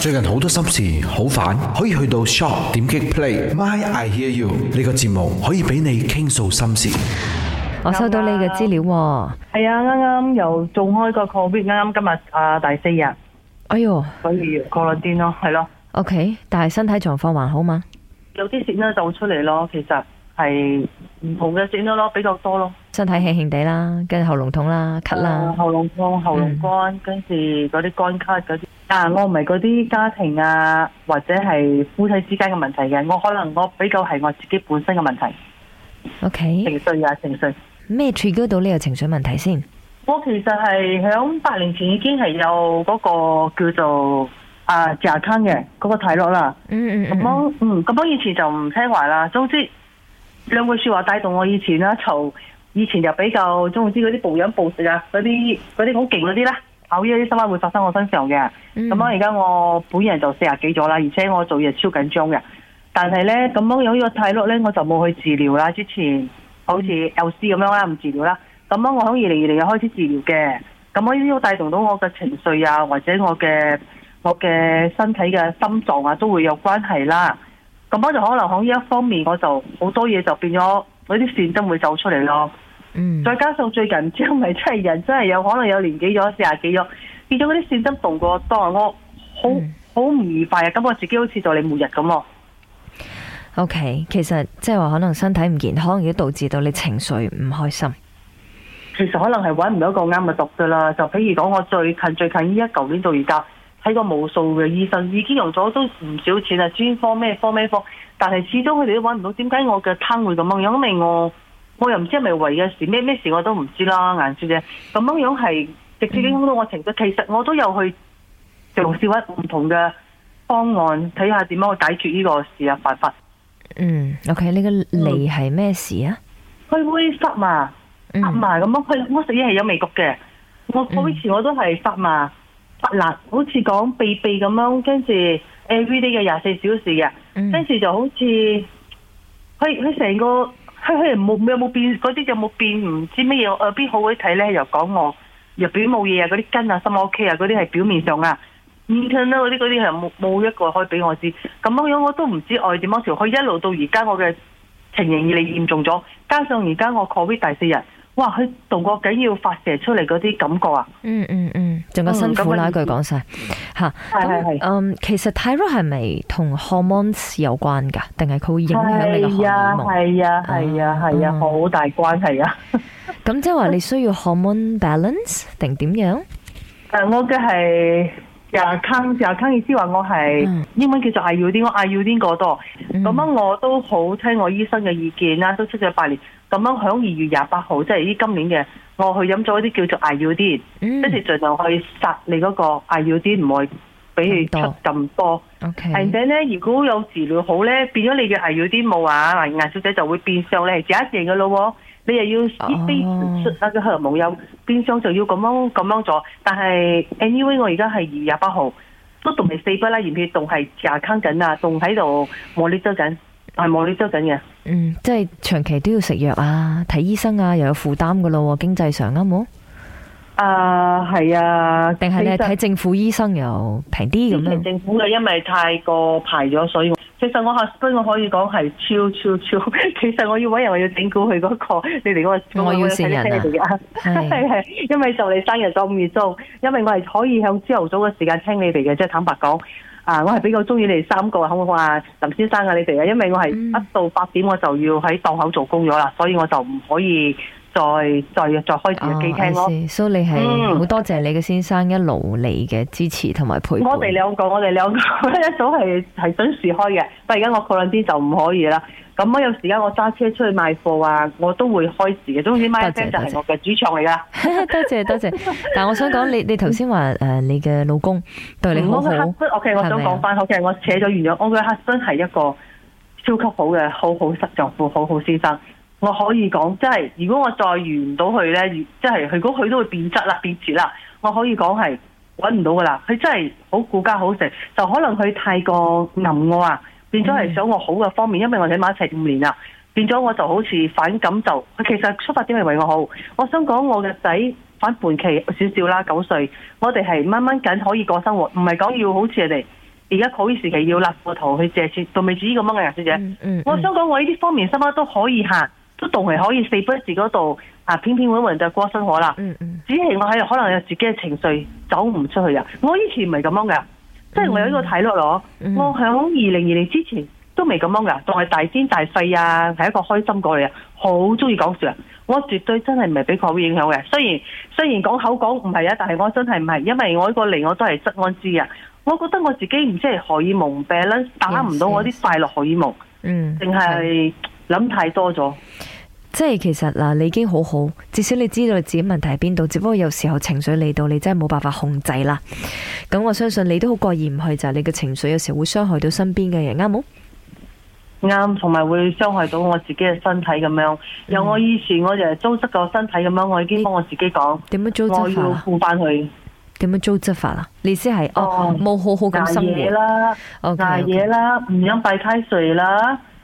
最近好多心事好煩，可以去到 shop 點擊 play。My I hear you 呢個節目可以俾你傾訴心事。嗯啊、我收到你嘅資料，係、嗯、啊，啱啱、啊、又做開個 COVID，啱啱今日啊第四日。哎呦，所以過咗兩日咯，係咯、啊。OK，但係身體狀況還好嗎？有啲血呢就出嚟咯，其實係唔同嘅血呢咯，比較多咯。身體輕輕哋啦，跟住喉嚨痛啦，咳啦，喉嚨痛、咳咳痛嗯、喉嚨乾，跟住嗰啲乾咳啲。啊！我唔係嗰啲家庭啊，或者係夫妻之間嘅問題嘅，我可能我比較係我自己本身嘅問題。OK。情緒啊，情緒。咩處高到呢個情緒問題先？我其實係響八年前已經係有嗰個叫做啊，甲亢嘅嗰個體落啦。嗯嗯咁樣，嗯，咁樣以前就唔聽話啦。總之兩句説話帶動我以前啦，嘈。以前就比較鍾意啲嗰啲暴飲暴食啊，啲嗰啲好勁嗰啲啦。由於啲心物會發生我身上嘅，咁樣而家我本人就四十幾咗啦，而且我做嘢超緊張嘅。但係呢，咁樣有呢個態度呢，我就冇去治療啦。之前好似 L C 咁樣啦，唔治療啦。咁樣我響二零二零又開始治療嘅。咁我呢啲會帶動到我嘅情緒啊，或者我嘅我嘅身體嘅心臟啊，都會有關係啦。咁我就可能響呢一方面，我就好多嘢就變咗，嗰啲線都會走出嚟咯。嗯、再加上最近唔知係咪真係人真係有可能有年紀咗四廿幾咗，變咗嗰啲線針動過多，當我好好唔、嗯、愉快啊！咁我自己好似就嚟末日咁咯。O、okay, K，其實即係話可能身體唔健康，而都導致到你情緒唔開心。其實可能係揾唔到一個啱嘅毒噶啦，就譬如講我最近最近依一舊年到而家睇過無數嘅醫生，已經用咗都唔少錢啊，專科咩科咩科，但係始終佢哋都揾唔到，點解我嘅癱會咁樣樣？因為我。我又唔知係咪為嘅事，咩咩事我都唔知啦，顏小姐。咁樣樣係直接影響到我情緒。嗯、其實我都有去嘗試揾唔同嘅方案，睇下點樣去解決呢個事啊，辦法。嗯，OK，你個脷係咩事啊？佢會發麻？發麻？咁樣佢我食嘢係有味覺嘅。我我以前我都係發麻，發難，好似講痹痹咁樣。跟住 everyday 嘅廿四小時嘅，跟住就好似佢佢成個。佢佢冇有冇變？嗰啲有冇變？唔知乜嘢？誒邊好鬼睇咧？又講我入邊冇嘢啊！嗰啲根啊，心 O K 啊！嗰啲係表面上啊，唔信啦！嗰啲嗰啲係冇冇一個可以俾我知。咁樣樣我都唔知我點樣朝，可以一路到而家我嘅情形以嚟嚴重咗。加上而家我 Covid 第四日。哇！佢動過緊要發射出嚟嗰啲感覺啊、嗯！嗯嗯嗯，仲有辛苦啦，句講晒，嚇、那個。係係係。嗯，其實 thyroid 係咪同 hormones 有關㗎？定係佢會影響你個荷爾蒙？係啊係啊係啊係啊，好、啊啊啊嗯啊、大關係啊！咁即係話你需要 hormone balance 定點樣？誒、嗯，我嘅係廿坑，廿、yeah, 坑、yeah, 意思話我係英文叫做 iodine，我 iodine i 過多。咁啊，嗯、我都好聽我醫生嘅意見啦，都出咗八年。咁樣喺二月廿八號，即係呢今年嘅，我去飲咗啲叫做艾爾 D，跟住儘量去殺你嗰個艾爾 D，唔會俾佢出咁多。而且咧，okay. then, 如果有治療好咧，變咗你嘅艾爾 D 冇啊，顏小姐就會變相你係第一件嘅咯喎，你又要飛出啊嘅荷包有變相就要咁樣咁樣做。但係 anyway 我而家係二月廿八號，都仲未四筆啦，而且仲係仲坑緊啊，仲喺度望呢周緊。係冇你周緊嘅，嗯，即係長期都要食藥啊，睇醫生啊，又有負擔噶咯，經濟上啱冇？啊，係啊，定係你睇政府醫生又平啲咁政府嘅，因為太過排咗，所以其實我吓，雖然我可以講係超超超，其實我要搵人，我要整蠱佢嗰個你哋嗰個，那個、我要善人。你哋啊，係係 因為就你生日咗五月中，因為我係可以向朝頭早嘅時間聽你哋嘅，即係坦白講。啊！我係比較中意你哋三個，好唔好啊？林先生啊，你哋啊，因為我係一到八點我就要喺檔口做工咗啦，所以我就唔可以再再再開住個機聽咯。所以、oh, so、你係好多謝你嘅先生一路嚟嘅支持同埋陪，陪我哋兩個，我哋兩個 一早係係準時開嘅，但而家我過兩天就唔可以啦。咁我有時間我揸車出去賣貨啊，我都會開市嘅，總之 my 謝 friend 就係我嘅主場嚟噶。多 謝多謝。 但係我想講你，你頭先話誒，你嘅老公對你好好吧、okay。OK，我想講翻，OK，我扯咗完咗。我嘅 husband 係一個超級好嘅，好好實丈夫，好好先生。我可以講，即係如果我再遇唔到佢呢，即係如果佢都會變質啦，變次啦，我可以講係搵唔到噶啦。佢真係好顧家好食，就可能佢太過腍我啊。變咗係想我好嘅方面，因為我哋喺埋一齊五年啦，變咗我就好似反感就，其實出發點係為我好。我想講我嘅仔反叛期少少啦，九歲，我哋係掹掹緊可以過生活，唔係講要好似人哋而家好嘅時期要立個圖去借錢，仲未至於呢個乜嘅小姐。嗯嗯、我想講我呢啲方面心啊都可以行，都仲係可以四不字嗰度啊，片揾揾揾就過生活啦。只係我喺可能有自己嘅情緒走唔出去啊，我以前唔係咁樣嘅。即係、嗯嗯、我有呢個睇落落，我響二零二零之前都未咁樣噶，仲係大癲大廢啊，係一個開心過嚟啊，好中意講笑啊，我絕對真係唔係俾 covid 影響嘅，雖然雖然講口講唔係啊，但係我真係唔係，因為我呢個嚟我都係失安之啊，我覺得我自己唔知係荷爾蒙病啦，打唔到我啲快樂荷爾蒙，嗯，淨係諗太多咗。嗯、即係其實嗱，你已經好好，至少你知道自己問題喺邊度，只不過有時候情緒嚟到，你真係冇辦法控制啦。咁我相信你都好過意唔去，就係你嘅情緒有時會傷害到身邊嘅人，啱冇？啱，同埋會傷害到我自己嘅身體咁樣。由我以前我就係糟質個身體咁樣，我已經幫我自己講點樣糟質法，我要補翻去。點樣糟質法啊？意思係哦，冇好好咁生嘢啦生活，OK，捱夜啦，唔飲白開水啦。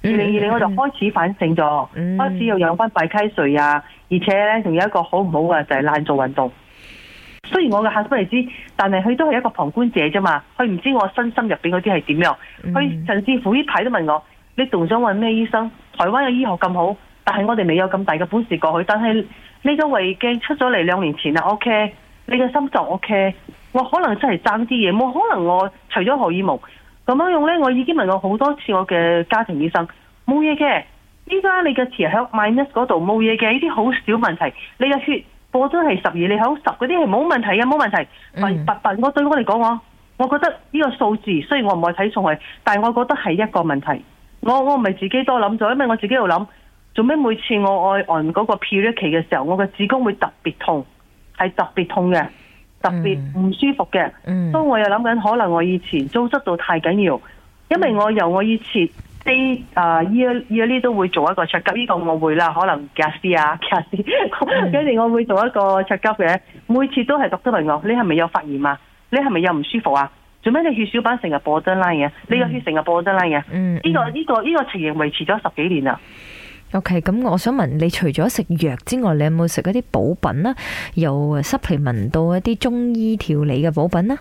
Mm hmm. mm hmm. 二零二零我就開始反省咗，開始又養翻閉溪水啊，而且咧仲有一個好唔好嘅就係懶做運動。雖然我嘅客生嚟知，但係佢都係一個旁觀者啫嘛，佢唔知我身心入邊嗰啲係點樣。佢甚至乎呢排都問我，你仲想揾咩醫生？台灣嘅醫學咁好，但係我哋未有咁大嘅本事過去。但係呢個胃鏡出咗嚟兩年前啦，O K，你嘅心臟 O K，我可能真係爭啲嘢，冇可能我除咗荷爾蒙。咁樣用咧，我已經問過好多次我嘅家庭醫生冇嘢嘅。依家你嘅血喺萬一嗰度冇嘢嘅，呢啲好少問題。你嘅血過咗係十二，你喺十嗰啲係冇問題嘅，冇問題。但係白白，我對我嚟講，我我覺得呢個數字雖然我唔愛睇重係，但係我覺得係一個問題。我我唔係自己多諗咗，因為我自己度諗做咩每次我愛按嗰個 period 期嘅時候，我嘅子宮會特別痛，係特別痛嘅。特別唔舒服嘅，都我又諗緊，可能我以前糟質度太緊要，因為我由我以前啲啊 yearly, yearly 都會做一個 check up，呢個我會啦，可能假啲啊假啲，幾、yes, 年、yes, yes, 我會做一個 check up 嘅，每次都係讀得問我，你係咪有發炎啊？你係咪有唔舒服啊？做咩你血小板成日 border line 嘅？你血個血成日 border line 嘅？呢、這個呢個呢個情形維持咗十幾年啦。OK，咁我想問你，除咗食藥之外，你有冇食一啲補品呢？又誒，濕皮聞到一啲中醫調理嘅補品呢？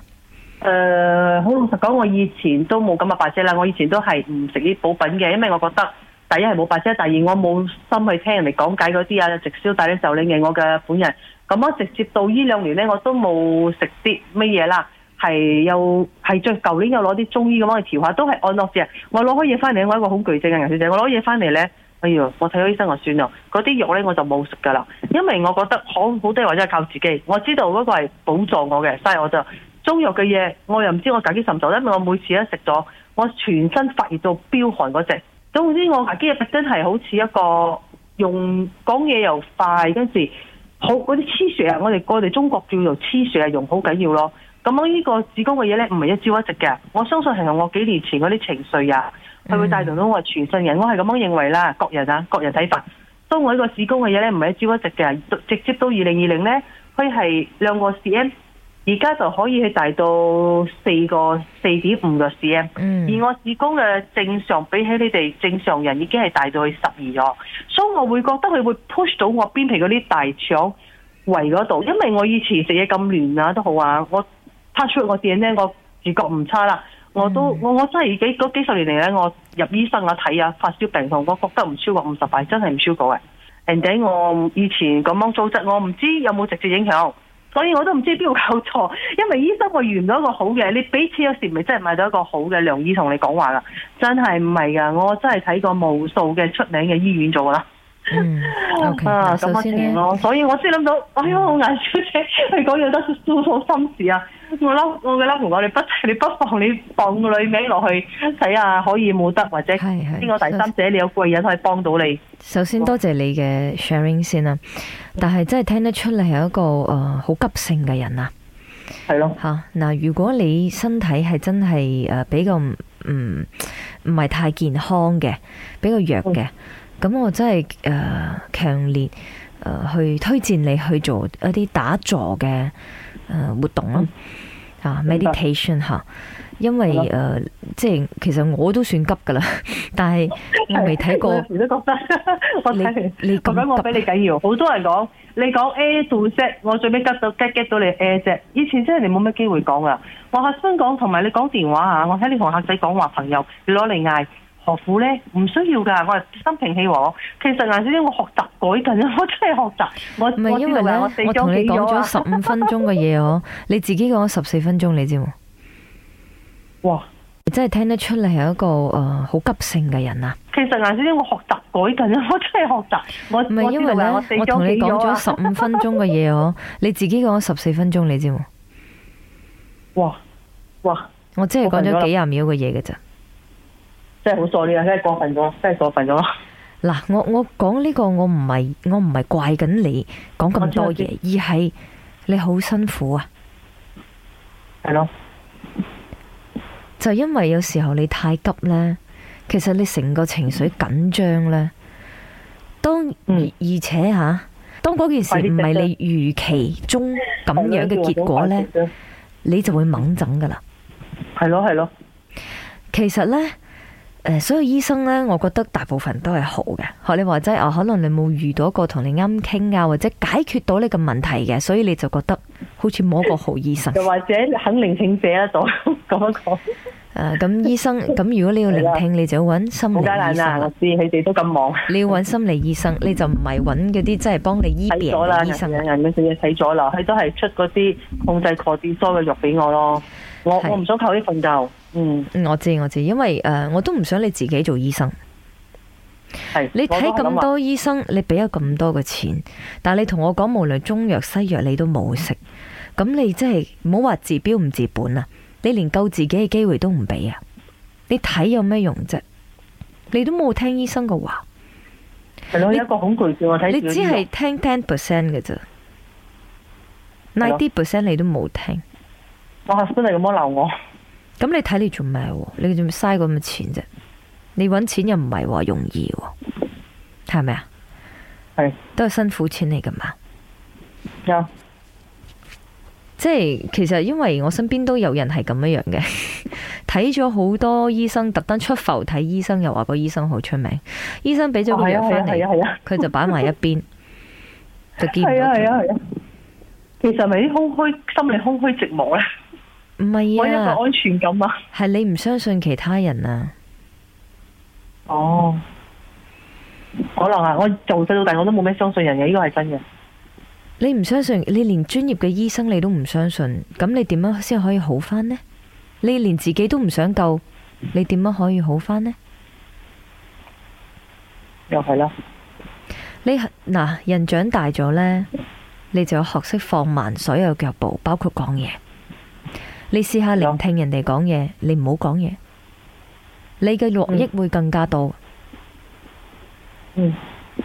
誒，好老實講，我以前都冇咁嘅白姐啦。我以前都係唔食啲補品嘅，因為我覺得第一係冇白姐，第二我冇心去聽人哋講解嗰啲啊。直銷底咧就領嘅我嘅本人咁我、嗯、直接到呢兩年呢，我都冇食啲乜嘢啦。係又係最舊年又攞啲中醫咁樣去調下，都係按落隻我攞開嘢翻嚟，我一個好巨症嘅顏小姐我攞嘢翻嚟呢。哎呦，我睇咗醫生就，我算啦，嗰啲肉咧我就冇食噶啦，因為我覺得好好多嘢，或者係靠自己。我知道嗰個係輔助我嘅，所以我就中藥嘅嘢我又唔知我大肌神唔神，因為我每次一食咗，我全身發熱到飆汗嗰隻。總之我大肌啊真係好似一個用講嘢又快時，跟住好嗰啲黐樹啊，我哋我哋中國叫做黐樹啊，用好緊要咯。咁樣呢個子宮嘅嘢咧唔係一朝一夕嘅，我相信係我幾年前嗰啲情緒啊。佢、嗯、會帶動到我全身人，我係咁樣認為啦。各人啊，各人睇法。當我呢個子宮嘅嘢咧，唔係一朝一夕嘅，直接到二零二零咧，佢係兩個 cm，而家就可以去大到四個四點五個 cm。而我子宮嘅正常，比起你哋正常人已經係大到去十二咗，所以我會覺得佢會 push 到我邊皮嗰啲大腸圍嗰度，因為我以前食嘢咁亂啊都好啊，我 touch 出 NA，我字眼咧，我自覺唔差啦。我都我我真係幾嗰幾十年嚟咧，我入醫生啊睇啊發燒病痛，我覺得唔超過五十塊，真係唔超過嘅。人哋我以前咁樣做診，我唔知有冇直接影響，所以我都唔知邊度搞錯。因為醫生我遇唔到一個好嘅，你俾錢有時咪真係買到一個好嘅良醫同你講話啦，真係唔係噶，我真係睇過無數嘅出名嘅醫院做㗎啦。嗯，okay, 首啊，咁啊，先咯，所以我先諗到，哎呀，好魏小姐，你講咗咁多心事啊，我諗，我嘅諗婆我哋不，你不，不，不，不妨你放個女名落去睇下，看看可以冇得，或者邊個第三者，是是你有貴人可以幫到你。首先、啊、多謝你嘅 sharing 先啊，但係真係聽得出你係一個誒好、呃、急性嘅人啊，係咯，吓嗱、啊，如果你身體係真係誒比較唔唔唔係太健康嘅，比較弱嘅。嗯咁我真係誒、uh, 強烈誒、uh, 去推薦你去做一啲打坐嘅誒、uh, 活動咯，啊 meditation 嚇，因為誒、uh, 嗯、即係其實我都算急噶啦， 但係我未睇過。 我都覺得你咁樣 我比你緊要。好多人講你講 A to Z 我最尾急到 get 到你 A Z 啫。以前真係你冇乜機會講啊。我客賓講同埋你講電話啊，我睇你同客仔講話,話朋友，你攞嚟嗌。何苦呢？唔需要㗎，我心平氣和。其實顏小姐，我學習改緊啊，我真係學習。唔係因為咧，我同你講咗十五分鐘嘅嘢哦，你自己講咗十四分鐘，你知冇？哇！你真係聽得出你係一個好、呃、急性嘅人啊！其實顏小姐，我學習改緊啊，我真係學習。唔係因為咧，我同你講咗十五分鐘嘅嘢哦，你自己講咗十四分鐘，你知冇？哇！哇！我真係講咗幾廿秒嘅嘢嘅咋。真係好傻啲啊！真係過分咗，真係過分咗。嗱，我我講呢個，我唔係我唔係怪緊你講咁多嘢，而係你好辛苦啊。係咯的，就因為有時候你太急呢，其實你成個情緒緊張呢，當、嗯、而且吓，當嗰件事唔係你預期中咁樣嘅結果呢，你就會猛整噶啦。係咯，係咯，其實呢。誒，所有醫生咧，我覺得大部分都係好嘅。可你話齋，哦，可能你冇遇到過同你啱傾啊，或者解決到呢個問題嘅，所以你就覺得好似冇一個好醫生。又或者肯聆聽者多咁樣講。誒，咁醫生，咁、 啊、如果你要聆聽，了你就揾心理醫生。唔得佢哋，都咁忙。你要揾心理醫生，啊、 你就唔係揾嗰啲真係幫你醫病嘅醫生。醫生啊，咁樣嘢睇咗啦，佢都係出嗰啲控制鈣質多嘅藥俾我咯。我唔想靠呢份教。嗯，我知我知，因為誒，uh, 我都唔想你自己做醫生。是你睇咁多醫生，你俾咗咁多嘅錢，但係你同我講，無論中藥西藥，你都冇食。咁你即係唔好話治標唔治本啊！你連救自己嘅機會都唔俾啊！你睇有咩用啫？你都冇聽醫生嘅話。係咯的，你一個恐懼症，我睇你只係聽 ten percent 嘅啫，ninety percent 你都冇聽。我真係咁樣鬧我，咁你睇你做咩？你做咩嘥咁嘅錢啫？你揾錢又唔係話容易喎，係咪啊？係的都係辛苦錢嚟噶嘛？有的，即係其實因為我身邊都有人係咁樣樣嘅，睇咗好多醫生，特登出埠睇醫生，又話個醫生好出名，醫生俾咗個藥翻嚟，佢、啊、 就擺埋一邊，就見佢。係啊係啊係啊，其實咪啲空虛、心理空虛、寂寞咧？唔係啊，安全感啊，係你唔相信其他人啊。哦，可能啊，我做細到大我都冇咩相信人嘅，呢個係真嘅。你唔相信，你連專業嘅醫生你都唔相信，咁你點樣先可以好翻呢？你連自己都唔想救，你點樣可以好翻呢？又係啦。你嗱人長大咗呢，你就有學識放慢所有腳步，包括講嘢。你試下聆聽人哋講嘢，你唔好講嘢，你嘅獲益會更加多。嗯，嗯，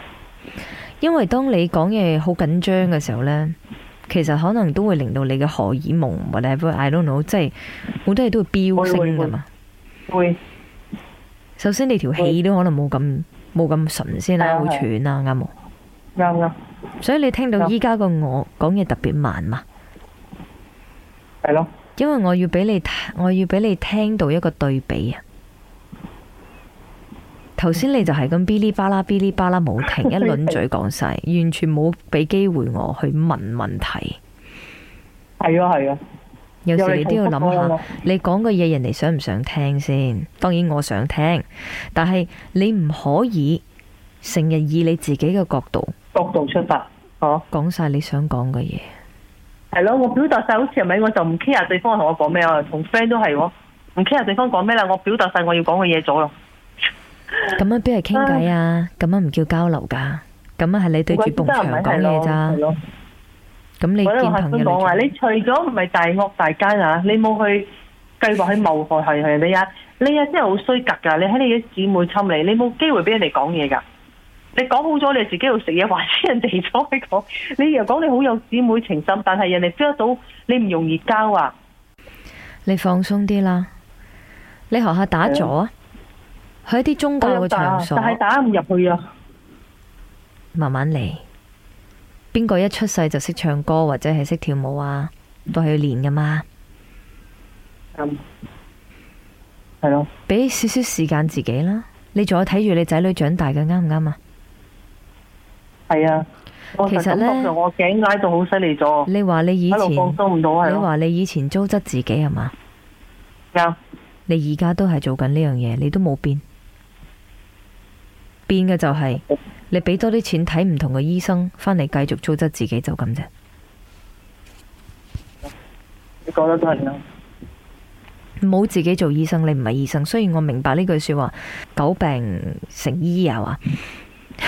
因為當你講嘢好緊張嘅時候呢，其實可能都會令到你嘅荷爾蒙或者係 I don't know，whatever 即係好多嘢都會飆升噶嘛。會。會首先你氣會，你條氣都可能冇咁冇咁純先啦，好喘啦，啱冇？啱啦。所以你聽到依家個我講嘢特別慢嘛？係咯了。了因為我要俾你，我要俾你聽到一個對比啊！頭先你就係咁嗶哩吧啦，嗶哩吧啦，冇停一輪嘴講晒，完全冇俾機會我去問問題。係啊， 係啊，有時你都要諗下，你講嘅嘢，人哋想唔想聽先？當然我想聽，但係你唔可以成日以你自己嘅角度角度出發，哦、啊，講晒你想講嘅嘢。係咯，我表達晒，好似係咪？我就唔 care 對方同我講咩啊，同 friend 都係喎，唔 care 對方講咩啦。我表達晒我要講嘅嘢咗咯。咁樣邊係傾偈啊？咁樣唔叫交流噶，咁樣係你對住埲牆講嘢咋？咁你見朋友，你話你除咗唔係大惡大奸啊？你冇去計劃喺謀害佢。係你啊？你啊真係好衰格噶！你喺你嘅姊妹侵你，你冇機會俾人哋講嘢噶。你講好咗，你自己要食嘢，話知人哋再講。你又講你好有姊妹情深，但係人哋 feel 得到你唔容易交啊！你放鬆啲啦，你學下打坐啊，去一啲宗教嘅場所。但係打唔入去啊！慢慢嚟。邊個一出世就識唱歌，或者係識跳舞啊？都係要練噶嘛？係咯、嗯。俾少少時間自己啦。你仲有睇住你仔女長大嘅，啱唔啱啊？係啊，其實呢，我頸解到好犀利咗。你話你以前，你話你以前糟質自己係嘛？Yeah. 你而家都係做緊呢樣嘢，你都冇變，變嘅就係、是、你俾多啲錢睇唔同嘅醫生，返嚟繼續糟質自己就咁啫。你覺得點啊？唔好自己做醫生，你唔係醫生。雖然我明白呢句說話，久病成醫啊嘛。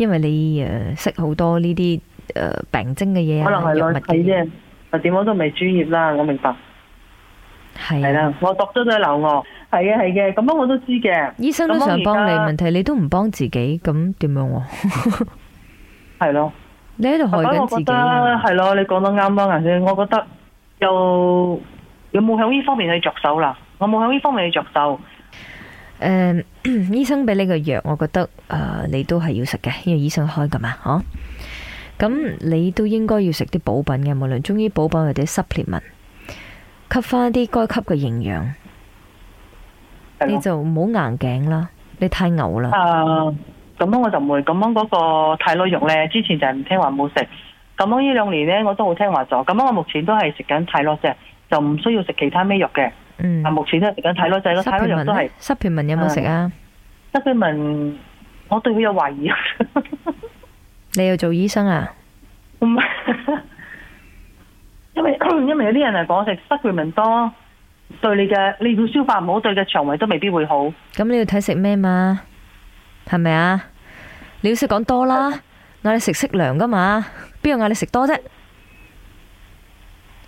因為你誒識好多呢啲誒病徵嘅嘢，可能啊，藥物嘅嘢，誒、呃、點、啊啊啊、我都未專業啦，我明白。係係啦，我讀咗都係流我。係啊係嘅，咁樣我都知嘅。醫生都想幫你，問題、啊、在你都唔幫自己，咁、嗯、點、啊、的樣？係、啊、咯的、啊，你喺度害緊自己。我覺得係咯，你講得啱啊，銀姐。我覺得又，又有冇向呢方面去着手啦？我冇向呢方面去着手。誒、嗯，醫生俾你個藥，我覺得誒、呃，你都係要食嘅，因為醫生開噶嘛，咁、啊、你都應該要食啲補品嘅，無論中醫補品或者 supplement，吸翻啲該吸嘅營養。Hello. 你就唔好硬頸啦，你太牛啦。咁、uh, 樣我就唔會，咁樣嗰個泰諾藥呢，之前就係唔聽話冇食，咁樣呢兩年呢，我都好聽話咗，咁樣我目前都係食緊泰諾嘅，就唔需要食其他咩藥嘅。嗯，有有啊，目前咧，時間睇咯，就係咯，睇一樣都係。supplement 有冇食啊？supplement，我對佢有懷疑、啊。 你要做醫生啊？唔係， 因為因為有啲人嚟講食 supplement 多，對你嘅你個消化唔好，對嘅腸胃都未必會好。咁你要睇食咩嘛？係咪啊？你要識講多啦，嗌你食適量噶嘛，邊有嗌你食多啫？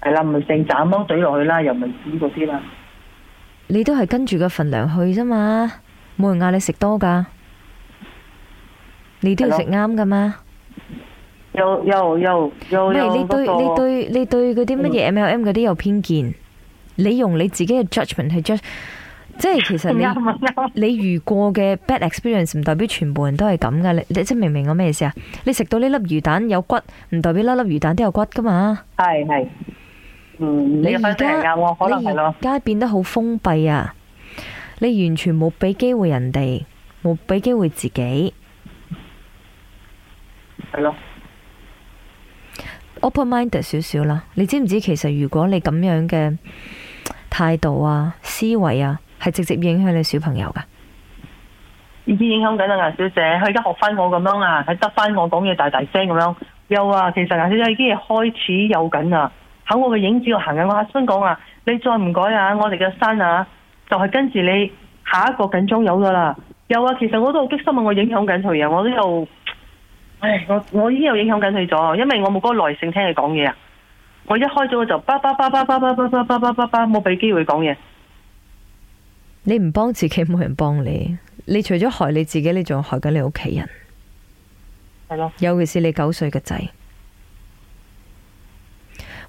係啦， 咪成斬刀嘴落去啦，又咪死嗰啲啦。你都係跟住個份量去啫嘛，冇人嗌你食多噶，你都要食啱噶嘛。有有有有有你對你對你對嗰啲乜嘢 MLM 嗰啲有偏見？你用你自己嘅 judgment 去 judge，即係其實你 你遇過嘅 bad experience 唔代表全部人都係咁噶。你你即係明唔明我咩意思啊？你食到呢粒魚蛋有骨，唔代表粒粒魚蛋都有骨噶嘛？係係。嗯，你而家你而家街變得好封閉啊！你完全冇俾機會人哋，冇俾機會自己，係咯 open mind 少少啦！你知唔知其實如果你咁樣嘅態度啊、思維啊，係直接影響你小朋友噶？已經影響緊啊，顏小姐，佢而家學翻我咁樣啊，佢得翻我講嘢大大聲咁樣。有啊，其實啊，顏小姐，已經係開始有緊啊！等我嘅影子度行緊，我阿孫講啊，你再唔改啊，我哋嘅山啊，就係跟住你下一個警鐘有咗啦。有啊，其實我都好激心啊！我影響緊佢啊，我都有，唉，我我已經有影響緊佢咗，因為我冇嗰個耐性聽佢講嘢啊。我一開咗就叭叭叭叭叭叭叭叭叭叭叭，冇俾機會講嘢。你唔幫自己，冇人幫你。你除咗害你自己，你仲害緊你屋企人。係咯，尤其是你九歲嘅仔。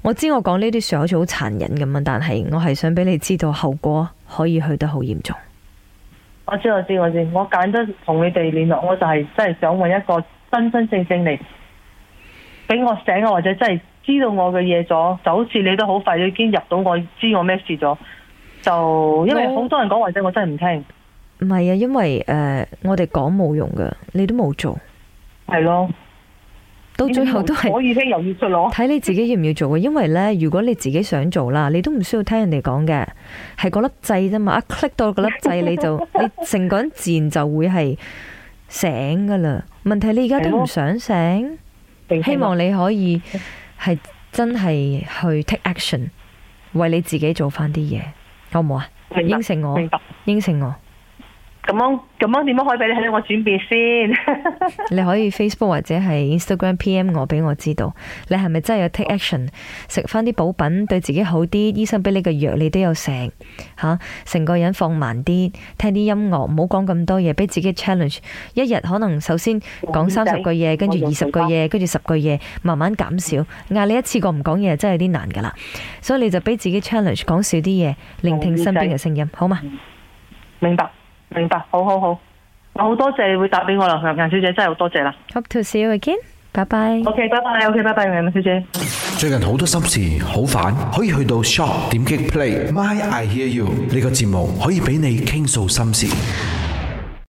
我知我講呢啲說話好似好殘忍咁樣，但係我係想俾你知道後果可以去得好嚴重我。我知我知我知，我揀得同你哋聯絡，我就係真係想揾一個真真正正嚟畀我醒啊，或者真係知道我嘅嘢咗。就好似你都好快已經入到我知我咩事咗，就因為好多人講，或者我真係唔聽。唔係啊，因為誒、呃，我哋講冇用㗎，你都冇做，係咯。到最後都係可以聽，又要出咯。睇你自己要唔要做啊？因為咧，如果你自己想做啦，你都唔需要聽人哋講嘅，係嗰粒掣啫嘛。一 click 到嗰粒掣你就 你成個人自然就會係醒噶啦。問題你而家都唔想醒，希望你可以係真係去 take action，為你自己做翻啲嘢，好唔好啊？應承我，應承我。咁樣咁樣點樣可以俾你睇到我轉變先？ 你可以 Facebook 或者係 Instagram PM 我俾我知道，你係咪真係有 take action？食翻啲補品對自己好啲，醫生俾你嘅藥你都有食，吓、啊，成個人放慢啲，聽啲音樂，唔好講咁多嘢，俾自己 challenge。一日可能首先講三十句嘢，跟住二十句嘢，跟住十句嘢，慢慢減少。嗌你一次過唔講嘢真係有啲難噶啦，所以你就俾自己 challenge，講少啲嘢，聆聽身邊嘅聲音，好嘛？明白。明白，好好好，我好多謝你會答俾我啦，楊小姐真係好多謝啦。Hope to see you again。拜拜。OK 拜拜。OK 拜拜，楊小姐。最近好多心事，好煩，可以去到 Shop 點擊 Play My I Hear You 呢個節目，可以俾你傾訴心事。